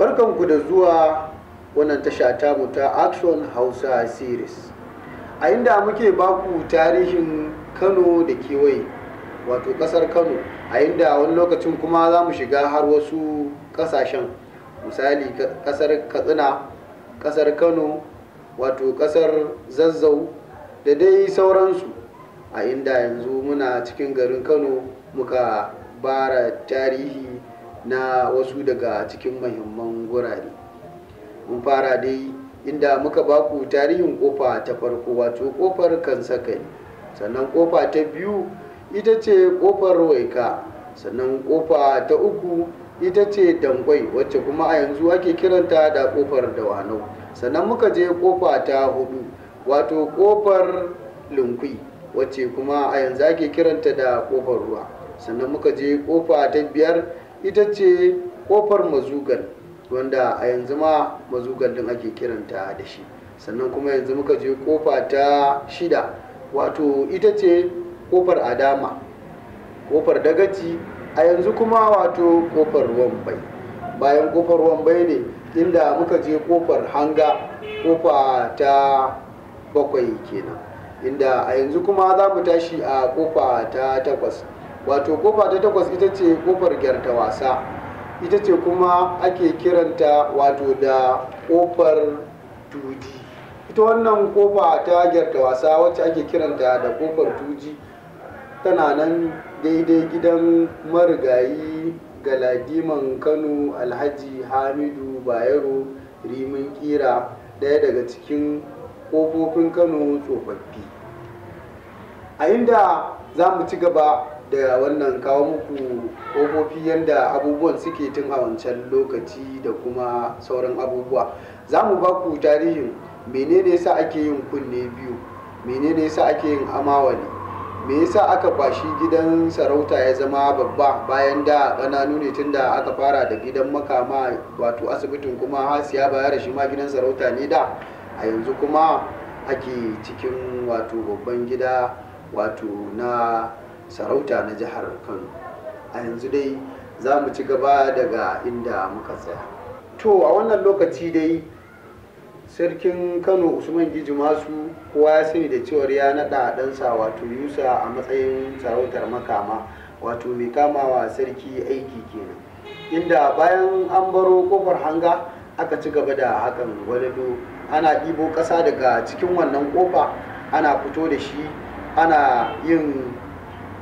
barkanku da zuwa wannan tasha ta ta action hausa series a inda muke baku tarihin kano da kewaye wato kasar kano a inda wani lokacin kuma za mu shiga har wasu kasashen misali kasar katsina kasar kano wato kasar zazzau da dai sauransu a inda yanzu muna cikin garin kano muka bara tarihi na wasu daga cikin mahimman gurare mun fara dai inda muka baku tarihin kofa ta farko wato kofar kansakai sannan kofa ta biyu ita ce kofar waika sannan kofa ta uku ita ce dangwai wacce kuma a yanzu ake kiranta da kofar dawanau sannan muka je kofa ta hudu wato kofar lunkwi wacce kuma a yanzu ake kiranta da kofar ruwa sannan muka je kofa ta biyar ita ce kofar mazugal wanda a yanzu ma mazugal din ake kiranta da shi sannan kuma yanzu muka je kofa ta shida wato ita ce kofar adama kofar dagaci a yanzu kuma wato kofar wambai bayan kofar wambai ne inda muka je kofar hanga kofa ta bakwai kenan inda a yanzu kuma za mu tashi a kofa ta takwas wato kofa ta takwas ita ce kofar gyarta wasa ita ce kuma ake kiranta wato da kofar tuji, ita wannan kofa ta gyarta wasa wacce ake kiranta da kofar tuji tana nan daidai gidan marigayi galadiman kano alhaji hamidu bayero rimin kira daya daga cikin kofofin kano tsofaffi a inda za mu ci gaba da wannan kawo muku kofofi yadda abubuwan suke tun a wancan lokaci da kuma sauran abubuwa za mu ba ku tarihin menene yasa ake yin kunne biyu menene yasa ake yin amawali me yasa aka kwashi gidan sarauta ya zama babba bayan da ƙananu ne tun da aka fara da gidan makama wato asibitin kuma hasiya baya da shi ma gidan sarauta ne da a yanzu kuma ake cikin wato babban gida wato na sarauta na jihar kano a yanzu dai za mu ci gaba daga inda muka tsaya to a wannan lokaci dai sarkin kano usman giji masu kowa ya sani da cewar ya naɗa ɗansa wato yusa a matsayin sarautar makama wato mai kamawa sarki aiki kenan inda bayan an baro kofar hanga aka ci gaba da hakan gwalado ana ɗibo ƙasa daga cikin wannan kofa ana fito da shi ana yin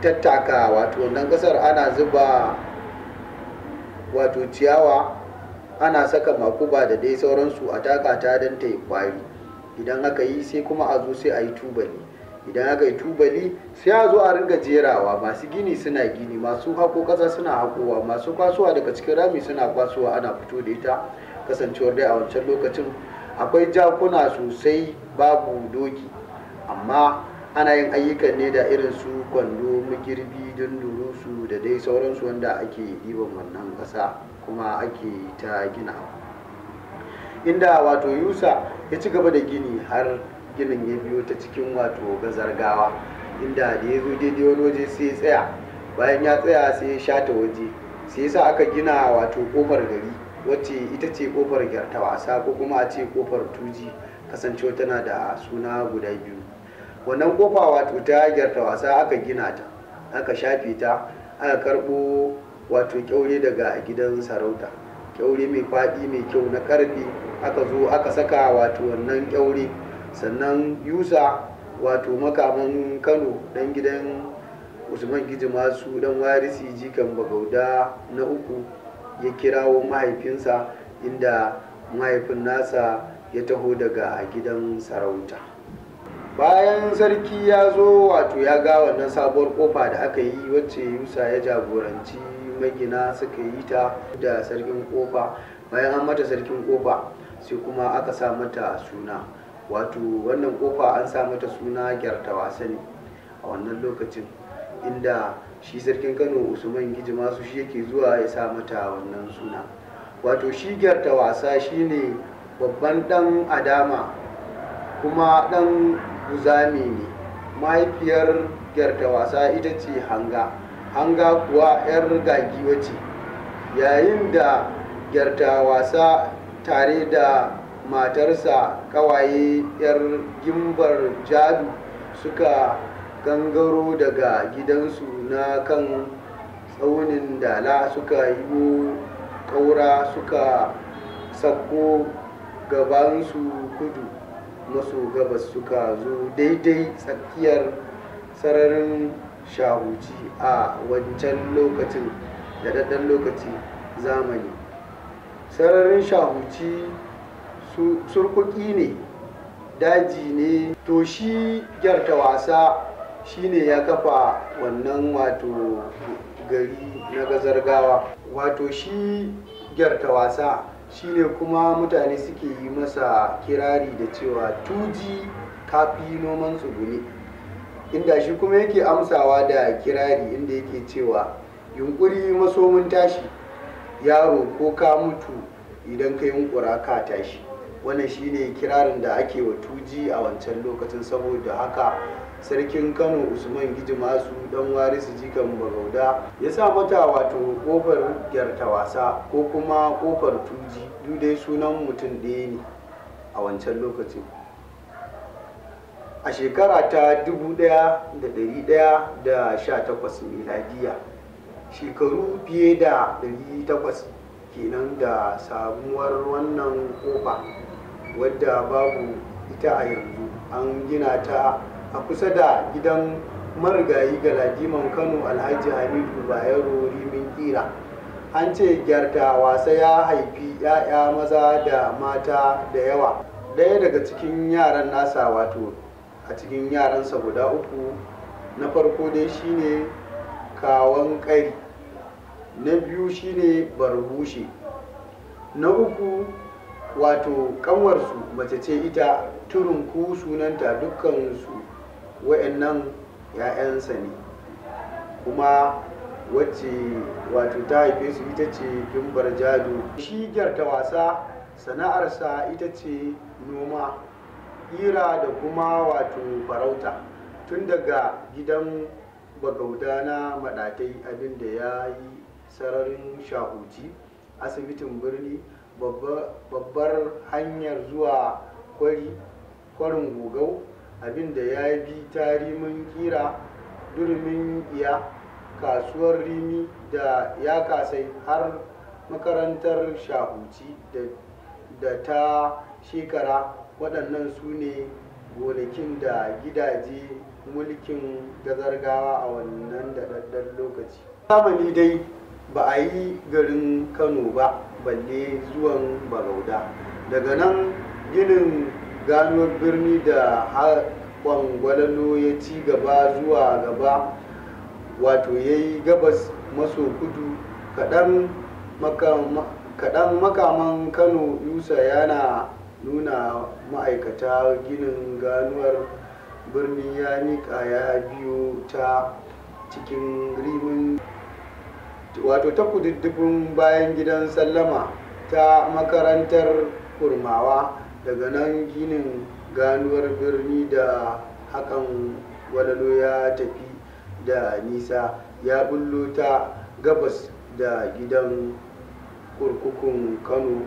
tattaka wato wannan kasar ana zuba wato ciyawa ana saka makuba da dai sauransu a taka ta don ta yi kwari idan aka yi sai kuma a zo sai a yi tubali idan aka yi tubali sai a zo a ringa jerawa masu gini suna gini masu hako kasa suna hakowa masu kwasuwa daga cikin rami suna kwasuwa ana fito da ita kasancewar dai a wancan lokacin akwai jakuna sosai babu doki amma ana yin ayyukan ne da irin su kwando makirbi don durusu da dai sauransu wanda ake ɗiban wannan ƙasa kuma ake ta gina inda wato yusa ya ci gaba da gini har ginin ya biyo ta cikin wato gazargawa inda da ya zo daidai wani waje sai ya tsaya bayan ya tsaya sai ya sha ta waje sai yasa aka gina wato kofar gari wacce ita ce kofar gyarta wasa ko kuma a ce kofar tuji kasancewa tana da suna guda biyu wannan kofa wato ta gyarta wasa aka gina ta aka shafe ta aka karbo wato kyaure daga gidan sarauta kyaure mai faɗi mai kyau na ƙarfi aka zo aka saka wato wannan kyaure sannan yusa wato makaman kano dan gidan usman giji masu dan warisi jikan bagauda na uku ya kirawo mahaifinsa inda mahaifin nasa ya taho daga gidan sarauta bayan sarki ya zo wato ya ga wannan sabuwar kofa da aka yi wacce yusa ya jagoranci magina suka yi ta da sarkin kofa bayan an mata sarkin kofa sai kuma aka sa mata suna wato wannan kofa an sa mata suna gyarta ne a wannan lokacin inda shi sarkin kano usman giji masu shi yake zuwa ya sa mata wannan suna wato shi gyarta wasa shine babban dan adama kuma dan guzami ne mahaifiyar gyarta wasa ita ce hanga hanga kuwa 'yar gagiwa ce yayin da gyarta wasa tare da matarsa kawaye 'yar gimbar jadu suka gangaro daga gidansu na kan tsaunin dala suka yi ƙaura suka sakko gabansu kudu maso gabas suka zo daidai tsakiyar sararin shahuci a wancan lokacin da daddan lokaci zamani sararin shahuci surkuki ne daji ne to shi gyarta wasa shi ne ya kafa wannan wato gari na gazargawa wato shi gyarta wasa shine kuma mutane suke yi masa kirari da cewa tuji kafi noman tsuguni inda shi kuma yake amsawa da kirari inda yake cewa yunkuri masomin tashi yaro ko ka mutu idan ka yunkura ka tashi wannan shine kirarin da ake wa tuji a wancan lokacin saboda haka sarkin kano usman giji masu dan warisu jikan bagauda ya sa mata wato kofar gyarta wasa ko kuma kofar tuji dai sunan mutum ɗaya ne a wancan lokacin a shekara ta 1118 miladiya shekaru fiye da 800 kenan da samuwar wannan kofa wadda babu ita a yanzu an gina ta a kusa da gidan marigayi ga lajiman kano alhaji hamidu bayero rimin kira an ce gyarta wasa ya haifi 'ya'ya maza da mata da yawa Daya daga cikin yaran nasa wato a cikin yaransa guda uku na farko dai shine kawon ƙari na biyu shine barbushe na uku wato ƙanwarsu mace ce ita turunku sunanta dukkansu wa'annan 'ya'yansa ne kuma wacce wato ta haife su ita ce gimbar jado shi gyarta wasa sana'arsa ita ce noma ira da kuma wato farauta tun daga gidan bagauda na madatai abinda ya yi sararin shahuci asibitin birni babbar hanyar zuwa kwari kwarin gogau Abin da ya bi ta rimin kira durmin iya kasuwar rimi da ya kasai har makarantar shahuci da ta shekara waɗannan su ne gonakin da gidaje mulkin gazargawa a wannan daɗaɗɗen lokaci zamani dai ba a yi garin kano ba balle zuwan bagauda daga nan ginin ganuwar birni da har gwalalo ya ci gaba zuwa gaba wato ya yi gabas maso kudu kaɗan makaman kano yusa yana nuna ma'aikata ginin ganuwar birni ya miƙa ya biyo ta cikin rimin wato ta kududdufin bayan gidan sallama ta makarantar kurmawa daga nan ginin ganuwar birni da hakan gwalalo ya tafi da nisa ya bullo ta gabas da gidan kurkukun kano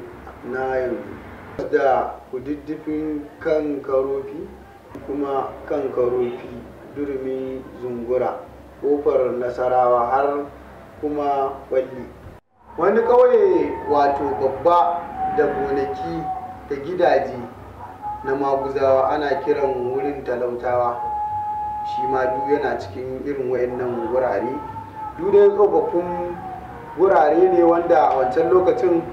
na yanzu da kududdufin kan karofi kuma kan karofi durmin zungura kofar nasarawa har kuma kwalli wani ƙauye wato babba da gonaki da gidaje na maguzawa ana kiran wurin talautawa shi ma duk yana cikin irin wayannan wurare duk dai tsofaffin wurare ne wanda a wancan lokacin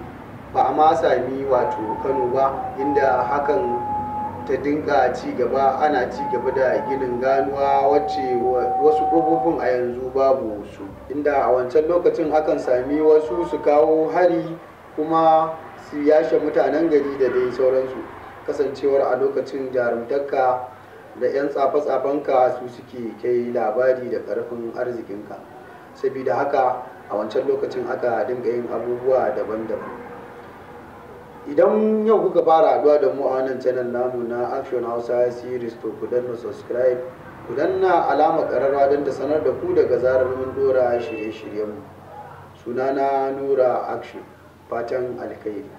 ba a ma sami wato kano ba inda hakan ta dinka ci gaba ana ci gaba da ginin ganuwa wacce wasu ƙofofin a yanzu babu su inda a wancan lokacin akan sami wasu su kawo hari kuma su yashe mutanen gari da dai sauransu kasancewar a lokacin jarumtarka da 'yan tsafe-tsafenka su suke kai labari da karfin arzikinka saboda haka a wancan lokacin aka dinga yin abubuwa daban-daban idan yau kuka fara haɗuwa da mu a wannan channel namu na action hausa series to ku danna subscribe ku danna alama kararwa don ta sanar da ku daga zarar mun dora shirye-shiryenmu sunana nura action fatan alkhairi